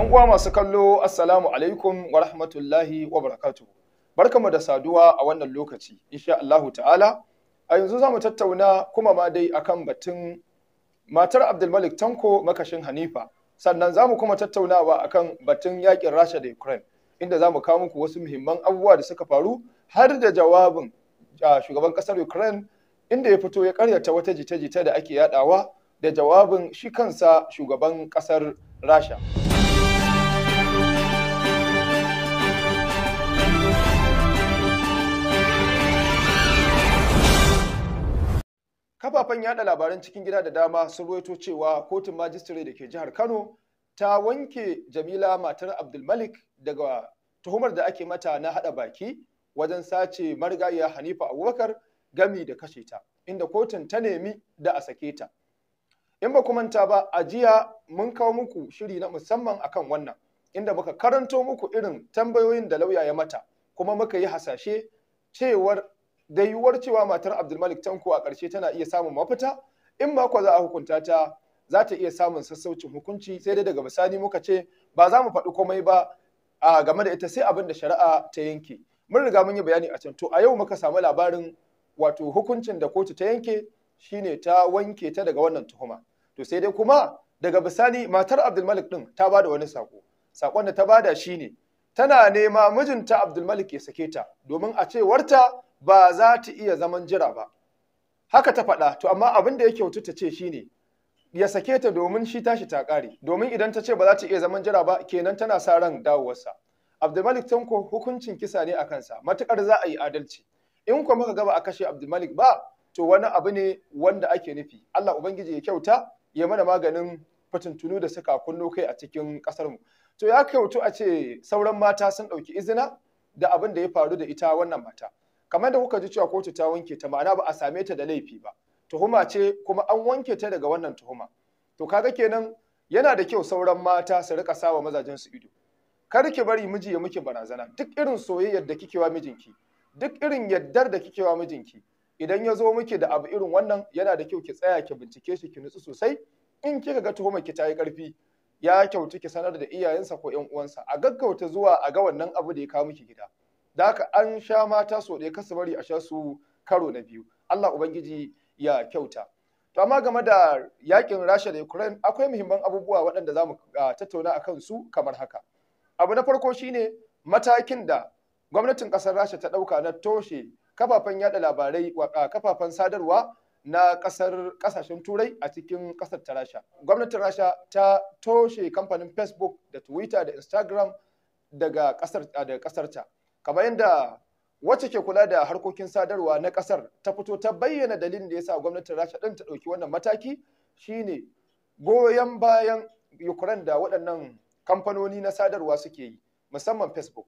Yan uwa masu kallo, Assalamu alaikum wa rahmatullahi wa barakatu. Barkamu da saduwa a wannan lokaci, insha Allahu ta'ala. A yanzu za mu tattauna kuma ma dai akan batun matar Abdulmalik Tanko makashin Hanifa. Sannan za mu kuma tattaunawa akan batun yakin Rasha da Ukraine, inda za mu kawo muku wasu muhimman abubuwa da suka faru har da jawabin shugaban kasar Ukraine inda ya fito ya karyata wata jita-jita da ake yaɗawa da jawabin shi kansa shugaban kasar Rasha. kafafen yaɗa labaran cikin gida da dama sun ruwaito cewa kotun majistare da ke jihar Kano ta wanke Jamila matar Abdulmalik daga tuhumar da ake mata na haɗa baki wajen sace marigayiya Hanifa Abubakar gami da kashe ta inda kotun ta nemi da a sake ta. In ba manta ba a jiya mun kawo muku shiri na musamman akan wannan inda muka karanto muku irin tambayoyin da lauya ya mata kuma muka yi hasashe cewar da yiwuwar cewa matar Abdulmalik Tanko a ƙarshe tana iya samun mafita in ma kwa za a hukunta ta za ta iya samun sassaucin hukunci sai dai daga bisani muka ce ba za mu faɗi komai ba a game da ita sai abin da shari'a ta yanke mun riga mun yi bayani a can to a yau muka samu labarin wato hukuncin da kotu ta yanke shine ta wanke ta daga wannan tuhuma to sai dai kuma daga bisani matar Abdulmalik din ta bada wani sako sakon da ta bada shine tana nema mijinta Abdulmalik ya sake ta domin a cewarta ba za ta iya zaman jira ba haka ta faɗa to amma abin da ya kyautu ta ce shi ne, ya sake ta domin shi tashi ta ƙare domin idan ta ce ba za ta iya zaman jira ba kenan tana sa ran dawowarsa Abdulmalik Tanko hukuncin kisa ne a kansa matuƙar za a yi adalci in kuma muka gaba a kashe Abdulmalik ba to wani abu ne wanda ake nufi Allah ubangiji ya kyauta ya mana maganin fitintunu da suka kunno kai a cikin kasar mu to ya kyautu a ce sauran mata sun ɗauki izina da abin da ya faru da ita wannan mata kamar da kuka ji cewa kotu ta wanke ta ma'ana ba a same ta da laifi ba tuhuma ce kuma an wanke ta daga wannan tuhuma to kaga kenan yana da kyau sauran mata su rika sawa mazajen su ido kar ki bari miji ya miki barazana duk irin soyayyar da kike wa mijinki duk irin yaddar da kike wa mijinki idan ya zo miki da abu irin wannan yana da kyau ki tsaya ki bincike shi ki nutsu sosai in kika ga tuhumar ki tayi karfi ya kyautu ki sanar da iyayensa ko yan uwansa a gaggauta zuwa a ga wannan abu da ya kawo miki gida da haka an sha mata so ɗaya kasa bari a sha su karo na biyu Allah ubangiji ya kyauta to amma game da yakin Rasha da Ukraine akwai muhimman abubuwa waɗanda za mu tattauna akan su kamar haka abu na farko shine matakin da gwamnatin ƙasar Rasha ta ɗauka na toshe kafafen yada labarai kafafen sadarwa na ƙasar ƙasashen turai a cikin ƙasar ta rasha gwamnatin rasha ta toshe kamfanin facebook da twitter da instagram daga ƙasar kamar yadda wacce ke kula da harkokin sadarwa na kasar ta fito ta bayyana dalilin da ya sa gwamnatin Rasha din ta dauki wannan mataki shine goyon bayan Ukraine da waɗannan kamfanoni na sadarwa suke yi musamman Facebook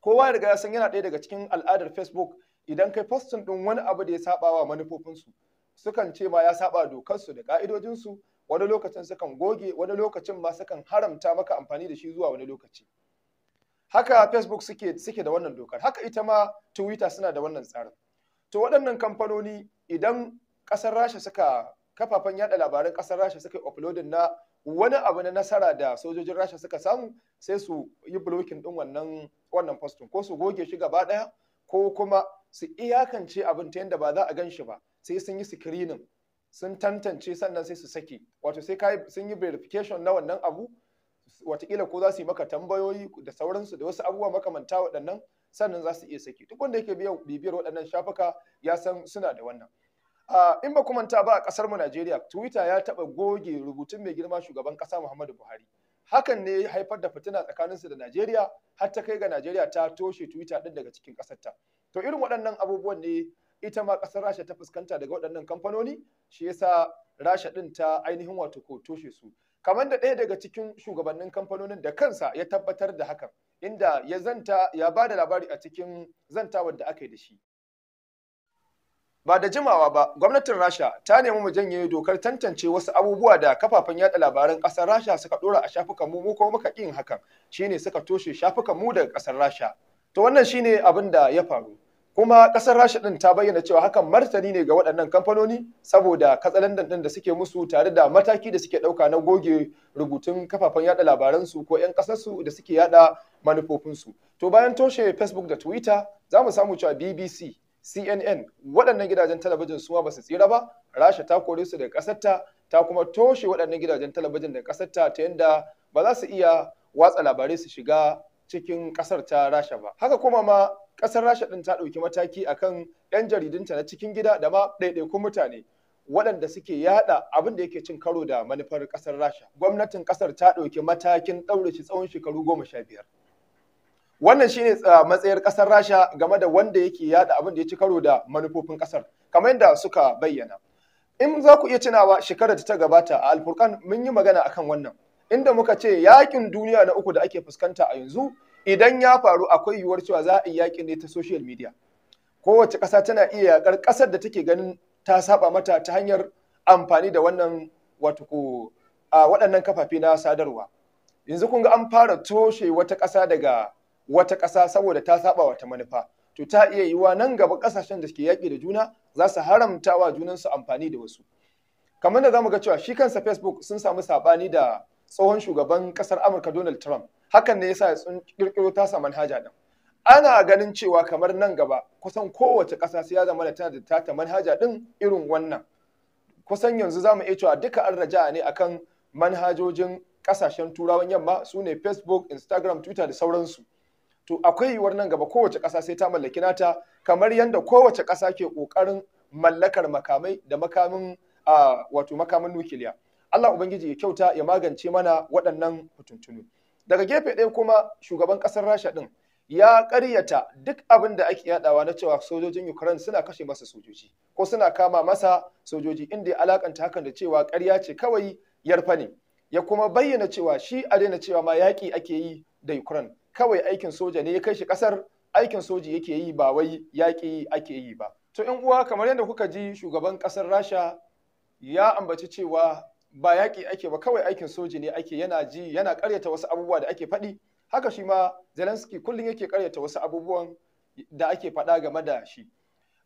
kowa riga ya san yana ɗaya daga cikin al'adar Facebook idan kai postin ɗin wani abu da ya saba wa manufofinsu sukan ce ma ya saba dokarsu da ka'idojinsu wani lokacin sukan goge wani lokacin ma sukan haramta maka amfani da shi zuwa wani lokaci haka facebook suke suke da wannan dokar haka ita ma twitter suna da wannan tsarin to waɗannan kamfanoni idan ƙasar rasha suka kafafen yada labaran ƙasar rasha suka yi uploading na wani abu na nasara da sojojin rasha suka samu sai su yi blocking din wannan wannan postin ko su goge shi gaba ɗaya ko kuma su iyakance abin ta yanda ba za a gan shi ba sai sun yi screening sun tantance sannan sai su saki wato sai sun yi verification na wannan abu watakila ko za su yi maka tambayoyi da sauransu da wasu abubuwa makamanta waɗannan sannan za su iya saki duk wanda yake bibiyar waɗannan shafuka ya san suna da wannan in ba manta ba a ƙasar mu Najeriya Twitter ya taɓa goge rubutun mai girma shugaban ƙasa Muhammadu Buhari hakan ne ya haifar da fitina tsakaninsu da Najeriya har ta kai ga Najeriya ta toshe Twitter din daga cikin ta to irin waɗannan abubuwan ne ita ma ƙasar Rasha ta fuskanta daga waɗannan kamfanoni shi yasa Rasha ɗin ta ainihin wato ko toshe su kamar da ɗaya daga cikin shugabannin kamfanonin da kansa ya tabbatar da hakan inda ya zanta ya ba da labari a cikin zantawar da aka yi da shi ba da jimawa ba gwamnatin rasha ta nemi mu janye dokar tantance wasu abubuwa da kafafen yada labaran ƙasar rasha suka dora a shafukan mu kuma muka kin hakan shine suka toshe shafukan mu daga ƙasar rasha to wannan shine abin da ya faru kuma kasar rasha din ta bayyana cewa hakan martani ne ga waɗannan kamfanoni saboda katsalandan din da suke musu tare da mataki da suke ɗauka na goge rubutun kafafen yada labaransu ko 'yan ƙasarsu da suke yada manufofinsu to bayan toshe facebook da twitter za mu samu cewa bbc cnn waɗannan gidajen talabijin suma ba su tsira ba rasha ta kore su daga ƙasarta ta kuma toshe waɗannan gidajen talabijin daga ƙasarta ta yadda ba za su iya watsa labarai su shiga cikin ƙasar ta rasha ba haka kuma ma kasar rasha ɗin ta ɗauki mataki akan 'yan jaridunta na cikin gida da ma ɗaiɗaikun mutane waɗanda suke yaɗa abin da yake cin karo da manufar kasar rasha gwamnatin ƙasar ta ɗauki matakin ɗaure shi tsawon shekaru goma sha biyar wannan shine matsayar kasar rasha game da wanda yake yaɗa abin da ya ci karo da manufofin ƙasar, kamar yadda suka bayyana in za ku iya tunawa shekarar da ta gabata a alfurkan mun yi magana akan wannan inda muka ce yaƙin duniya na uku da ake fuskanta a yanzu idan ya faru akwai yiwuwar cewa za a yi yakin ne ta social media kowace ƙasa tana iya yaƙar ƙasar da take ganin ta saba mata ta hanyar amfani da wannan wato ko a waɗannan kafafe na sadarwa yanzu kun ga an fara toshe wata ƙasa daga wata ƙasa saboda ta saba wata manufa to ta iya yiwuwa nan gaba ƙasashen da suke yaƙi da juna za su haramta junansu amfani da wasu kamar da za mu ga cewa shi kansa facebook sun samu saɓani da tsohon shugaban kasar Amurka Donald Trump hakan ne yasa sun kirkiro tasa manhaja din ana ganin cewa kamar nan gaba kusan kowace ƙasa sai ya zama da tana da tata manhaja din irin wannan kusan yanzu zamu iya cewa duka an raja ne akan manhajojin kasashen turawan yamma su ne facebook instagram twitter da sauransu to akwai yiwuwar nan gaba kowace ƙasa sai ta mallaki nata kamar yadda kowace ƙasa ke ƙoƙarin mallakar makamai da makamin ah, wato makamin nukiliya Allah ubangiji ya kyauta ya magance mana waɗannan kutuntunu daga gefe ɗaya kuma shugaban ƙasar Rasha ɗin ya ƙaryata duk abin da ake yaɗawa na cewa sojojin Ukraine suna kashe masa sojoji ko suna kama masa sojoji inda ya alakanta hakan da cewa ƙarya ce kawai yarfa ne ya kuma bayyana cewa shi a daina cewa ma yaƙi ake yi da Ukraine kawai aikin soja ne ya kai shi ƙasar aikin soji yake yi ba wai yaƙi ake yi ba to in uwa kamar yadda kuka ji shugaban ƙasar Rasha ya ambaci cewa ba yaƙi ake ba kawai aikin soji ne ake yana ji yana karyata wasu abubuwa da ake faɗi haka shi ma Zelensky kullum yake karyata wasu abubuwan da ake faɗa game da shi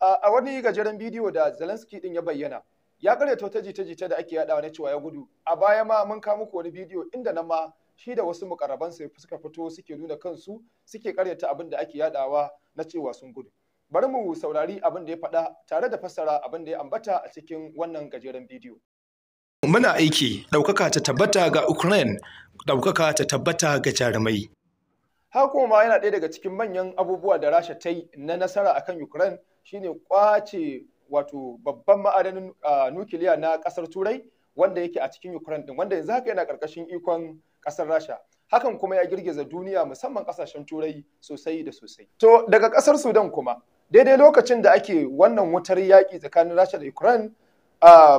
a wani gajeren bidiyo da Zelensky din ya bayyana ya karyata wata jita-jita da ake yaɗawa na cewa ya gudu a baya ma mun kawo muku wani bidiyo inda nan ma shi da wasu mukarraban sa suka fito suke nuna kansu suke karyata abin da ake yaɗawa na cewa sun gudu bari mu saurari abin da ya faɗa tare da fassara abin da ya ambata a cikin wannan gajeren bidiyo Muna aiki ɗaukaka ta tabbata ga Ukraine, ɗaukaka ta tabbata ga jarumai. hakoma yana ɗaya daga cikin manyan abubuwa da Rasha ta yi na nasara akan Ukraine shine kwace wato babban ma'adanin nukiliya na ƙasar Turai wanda yake a cikin Ukraine din wanda yanzu haka yana ƙarƙashin ikon ƙasar Rasha. Hakan kuma ya girgiza duniya musamman ƙasashen Turai sosai da sosai. To daga ƙasar Sudan kuma daidai lokacin da ake wannan wutar yaƙi tsakanin Rasha da Ukraine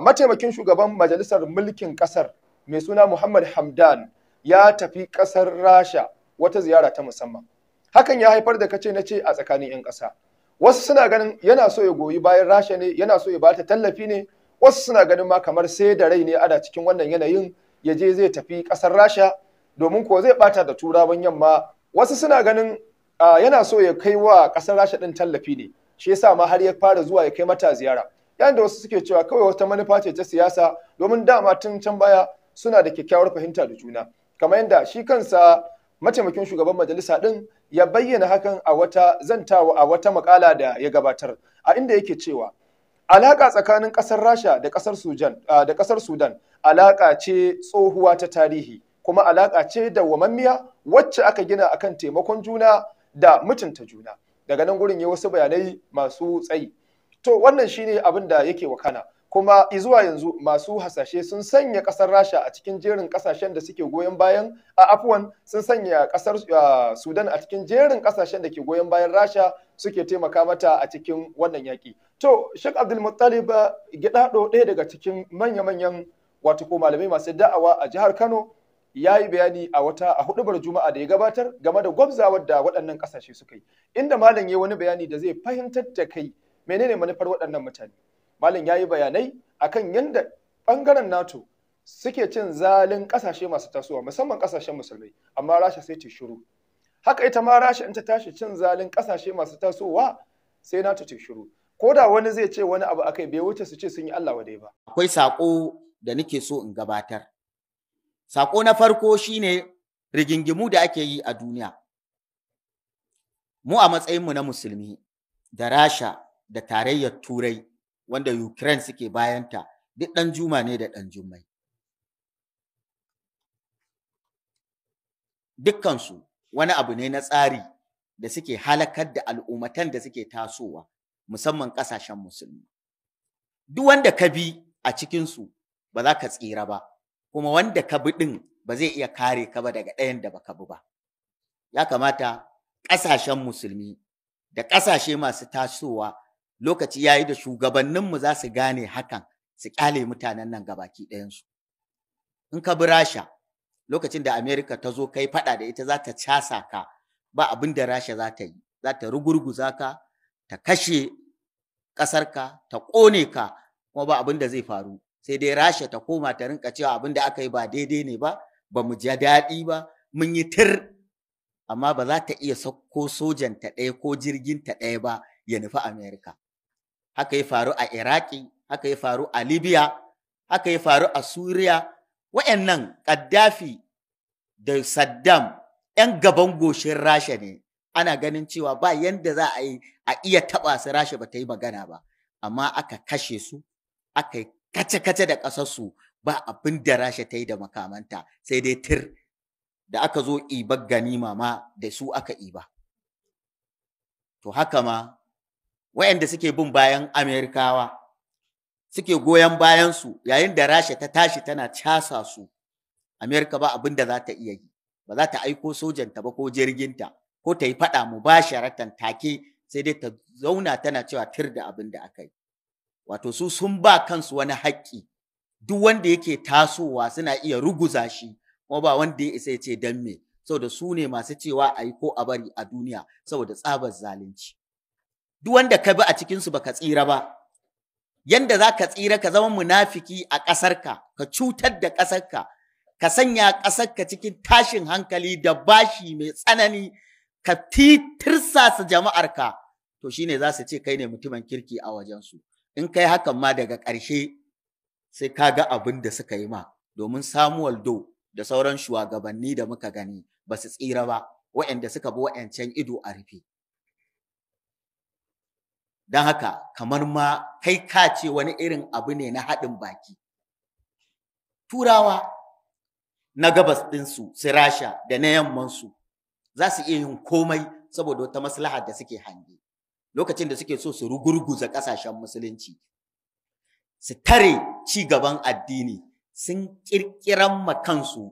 mataimakin shugaban majalisar mulkin kasar mai suna Muhammad Hamdan ya tafi kasar Rasha wata ziyara ta musamman. Hakan ya haifar da kace na ce a tsakanin 'yan ƙasa. Wasu suna ganin yana so ya goyi bayan Rasha ne, yana so ya ba ta tallafi ne, wasu suna ganin ma kamar sai da rai ne ana cikin wannan yanayin ya je zai tafi ƙasar Rasha domin ko zai bata da turawan yamma. Wasu suna ganin yana so ya kai wa ƙasar Rasha ɗin tallafi ne, shi yasa ma har ya fara zuwa ya kai mata ziyara. yayin da wasu suke cewa kawai wata manufa ce ta siyasa domin dama tun can baya suna da kyakkyawar fahimta da juna kamar yadda shi kansa mataimakin shugaban majalisa din ya bayyana hakan a wata zantawa a wata makala da ya gabatar a inda yake cewa alaka tsakanin kasar Rasha da kasar Sudan alaka ce tsohuwa ta tarihi kuma alaka ce da wamammiya wacce aka gina akan taimakon juna da mutunta juna daga nan gurin ya wasu bayanai masu tsayi to wannan shine abin da yake wakana kuma izuwa yanzu masu hasashe sun sanya kasar rasha a cikin jerin kasashen da suke goyon bayan a afwan sun sanya kasar sudan a cikin jerin kasashen da ke goyon bayan rasha suke taimaka mata a cikin wannan yaƙi to sheikh abdulmuttalib gidaɗo ɗaya daga cikin manya-manyan wato ko malamai masu da'awa a jihar kano ya yi bayani a wata a hudubar juma'a da ya gabatar game da gwabzawar da waɗannan ƙasashe suka yi inda malam ya wani bayani da zai fahimtar da kai menene manufar waɗannan mutane malam ya yi bayanai akan yadda ɓangaren nato suke cin zalin ƙasashe masu tasowa musamman ƙasashen musulmai amma rasha sai ta shiru haka ita ma rasha in ta tashi cin zalin ƙasashe masu tasowa sai nato ta shiru ko da wani zai ce wani abu akai bai wuce su ce sun yi Allah wadai ba akwai sako da nake so in gabatar sako na farko shine rigingimu da ake yi a duniya mu a matsayinmu na musulmi da rasha da tarayyar Turai wanda Ukraine suke bayanta duk ɗan juma ne da ɗan jummai. Dukkansu wani abu ne na tsari da suke halakar da al'ummatan da suke tasowa musamman ƙasashen musulmi. Duk wanda ka bi a cikinsu ba za ka tsira ba, kuma wanda ka bi ɗin ba zai iya kare ka ba daga ɗayan da baka bi ba. Ya kamata ƙasashen musulmi da ƙasashe masu tasowa lokaci ya yi da shugabanninmu za su gane hakan su kyale mutanen nan ga baki ɗayansu in ka bi rasha lokacin da Amerika ta zo kai faɗa da ita za ta casa ka ba abin da rasha za ta yi za ta rugurguza ka ta kashe ƙasarka ta ƙone ka kuma ba abin da zai faru sai dai rasha ta koma ta rinka cewa abin da aka yi ba daidai ne ba ba mu ji daɗi ba mun yi tir amma ba za ta iya sauko sojanta ɗaya ko jirgin ta ɗaya ba ya nufi amerika haka ya faru a Iraki, haka ya faru a Libya, haka ya faru a Suriya. Wa'yannan Gaddafi da Saddam ‘yan gaban goshin Rasha ne, ana ganin cewa ba yanda za a yi a iya taɓa su Rasha ba ta yi magana ba, amma aka kashe su, aka yi kace-kace da ƙasarsu ba abin da Rasha ta yi da makamanta sai dai tir da aka zo ibar ganima ma da su aka iba. To haka ma waɗanda suke bin bayan Amerikawa suke goyon bayansu yayin da Rasha ta tashi tana casa su Amerika ba abin da za ta iya yi ba za ta aiko sojanta ba ko jirginta ko ta yi faɗa mu ba sharatan take sai dai ta zauna tana cewa tir da abin da aka yi wato su sun ba kansu wani haƙƙi duk wanda yake tasowa suna iya ruguza shi kuma ba wanda ya isa ya ce dan me saboda su ne masu cewa a yi ko a bari a duniya saboda tsabar zalunci duk wanda ka bi a cikinsu ba ka tsira ba yanda za ka tsira ka zama munafiki a ƙasarka ka cutar da ƙasarka ka sanya ƙasarka cikin tashin hankali da bashi mai tsanani ka tirsasa jama'arka to shi ne za su ce kai ne mutumin kirki a wajensu in kai hakan ma daga ƙarshe sai ka ga abin da suka yi ma domin samuwal do da sauran shugabanni da muka gani ba su tsira ba waɗanda suka bi waɗancan ido a rufe don haka kamar ma kai ka ce wani irin abu ne na haɗin baki turawa na gabas ɗinsu su rasha da na yammansu za su iya yin komai saboda wata maslaha da suke hange lokacin da suke so su rugurguza ƙasashen musulunci su tare ci gaban addini sun ƙirƙiran ma kansu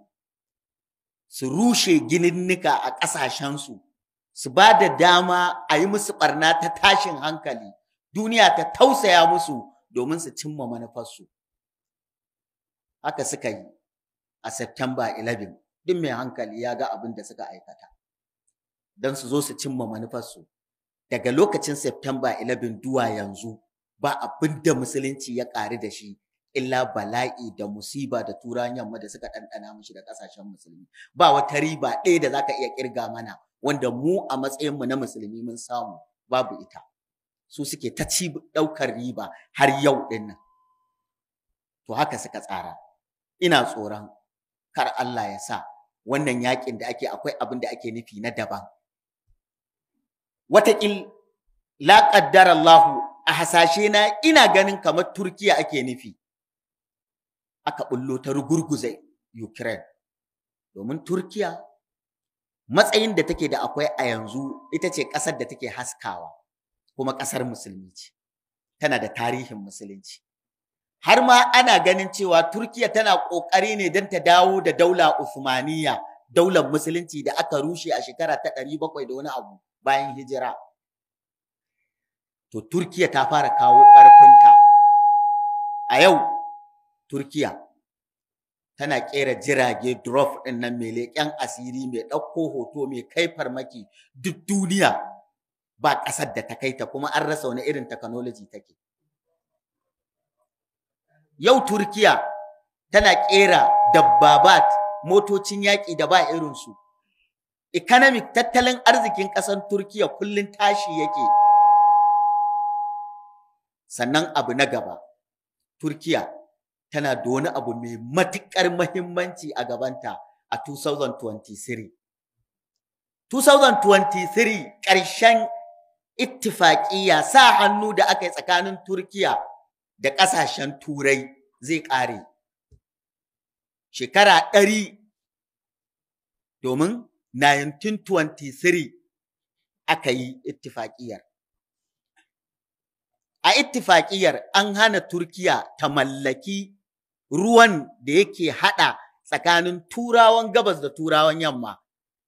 su rushe gininnika a ƙasashensu su ba da dama a yi musu barna ta tashin hankali duniya ta tausaya musu domin su cimma manufarsu haka suka yi a September 11 duk mai hankali ya ga abin da suka aikata don su zo su cimma manufarsu daga lokacin September 11 duwa yanzu ba abin da musulunci ya ƙari da shi illa bala'i da musiba da turan yamma da suka ɗanɗana mushi da ƙasashen musulmi ba wata riba ɗaya da zaka iya kirga mana wanda mu a matsayin mu na musulmi mun samu babu ita su suke ta ci ɗaukar riba har yau ɗin nan to haka suka tsara ina tsoron kar Allah ya sa wannan yakin da ake akwai abin da ake nufi na daban wata la qaddara Allahu a hasashe na ina ganin kamar Turkiya ake nufi aka bullo ta rugurguza Ukraine domin Turkiya matsayin da take da akwai a yanzu ita ce ƙasar da take haskawa kuma ƙasar musulmi ce tana da tarihin musulunci har ma ana ganin cewa Turkiya tana ƙoƙari ne don ta dawo da daula Uthmaniyya daular musulunci da aka rushe a shekara ta ɗari bakwai da wani abu bayan hijira to Turkiya ta fara kawo ƙarfinta a yau Turkiya tana ƙera jirage drop ɗin nan mai leƙen asiri mai ɗauko hoto mai kai farmaki duk duniya ba ƙasar da ta kai ta kuma an rasa wani irin technology take. Yau Turkiya tana ƙera dabbabat motocin yaƙi da ba irinsu. Economic tattalin arzikin ƙasar Turkiya kullum tashi yake. Sannan abu na gaba, Turkiya tana da wani abu mai matuƙar mahimmanci a gabanta a 2023. 2023 ƙarshen ittifaƙiya sa hannu da aka yi tsakanin Turkiya da ƙasashen Turai zai ƙare. Shekara ɗari domin 1923 aka yi ittifaƙiyar. A ittifaƙiyar an hana Turkiya ta mallaki ruwan da yake haɗa tsakanin turawan gabas da turawan yamma.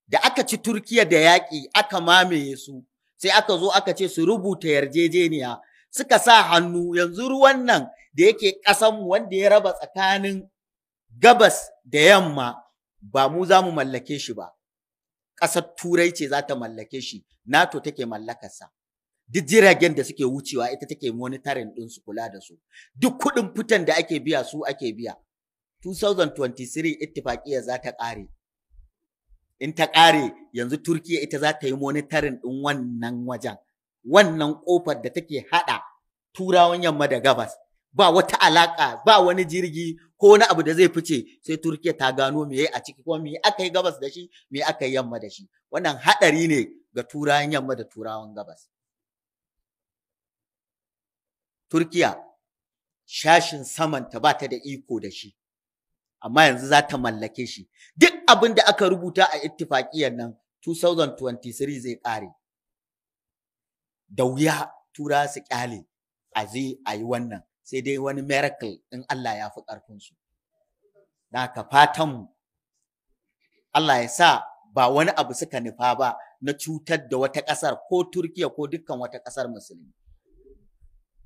Da aka ci Turkiya da yaƙi aka mamaye su, sai aka zo aka ce su rubuta yarjejeniya, suka sa hannu yanzu ruwan nan da yake ƙasanmu wanda ya raba tsakanin gabas da yamma ba mu za mu mallake shi ba. Ƙasar Turai ce za ta mallake shi, NATO take mallakarsa. duk jiragen da suke wucewa ita take monitoring din su kula da su duk kudin fitan da ake biya su ake biya 2023 ittifaqiyya za ta kare. in ta kare, yanzu Turkiya ita za ta yi monitoring din wannan wajen wannan kofar da take hada turawan yamma da gabas ba wata alaka ba wani jirgi ko wani abu da zai fice sai Turkiya ta gano me yayi a ciki ko me aka gabas da shi me aka yamma da shi wannan hadari ne ga turawan yamma da turawan gabas Turkiya shashin samanta ba ta da iko da shi, amma yanzu za ta mallake shi. Duk abin da aka rubuta a ittifaƙiyar nan 2023 zai ƙare. Da wuya tura su ƙyale a zai a yi wannan, sai dai wani miracle in Allah ya fi ƙarfinsu. Na ka fatanmu, Allah ya sa ba wani abu suka nufa ba na cutar da wata ƙasar ko Turkiya ko dukkan wata ƙasar musulmi.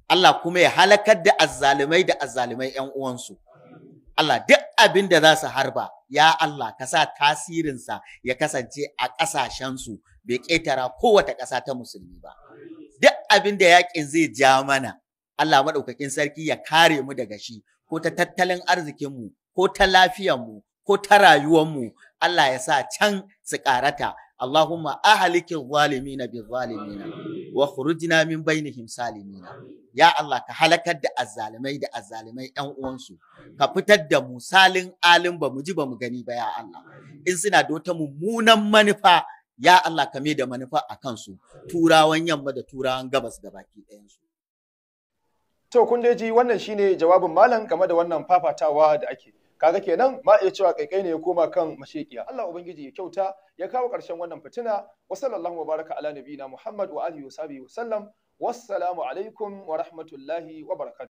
Allah kuma ya halakar da azzalumai da azzalumai ƴan uwansu Allah duk abin da za su harba ya Allah ka sa tasirinsa ya kasance a ƙasashensu bai ƙetara kowace ƙasa ta musulmi ba duk abin da yaƙin zai ja mana Allah maɗaukakin sarki ya kare mu daga shi ko ta tattalin arzikinmu ko ta lafiyarmu ko ta rayuwarmu Allah ya sa can su ƙarata Allahuma ahlikil zalimin bi zalimin wa khurujna min bainihim salimin ya Allah ka halakar da azzalimai da azzalimai ɗan uwansu ka fitar da mu salin alin ba mu ji ba mu gani ba ya Allah in suna da wata mummunan manufa ya Allah ka da manufa a kansu turawan yamma da turawan gabas da baki ɗayansu. To kun ji wannan shine jawabin malam game da wannan fafatawa da ake kaga kenan ma iya cewa kaikai ne ya koma kan mashekiya Allah ubangiji ya kyauta ya kawo ƙarshen wannan fitina wa sallallahu wa baraka ala nabiyina Muhammad wa alihi wa sahbihi wa sallam wassalamu alaikum wa rahmatullahi wa barakatuh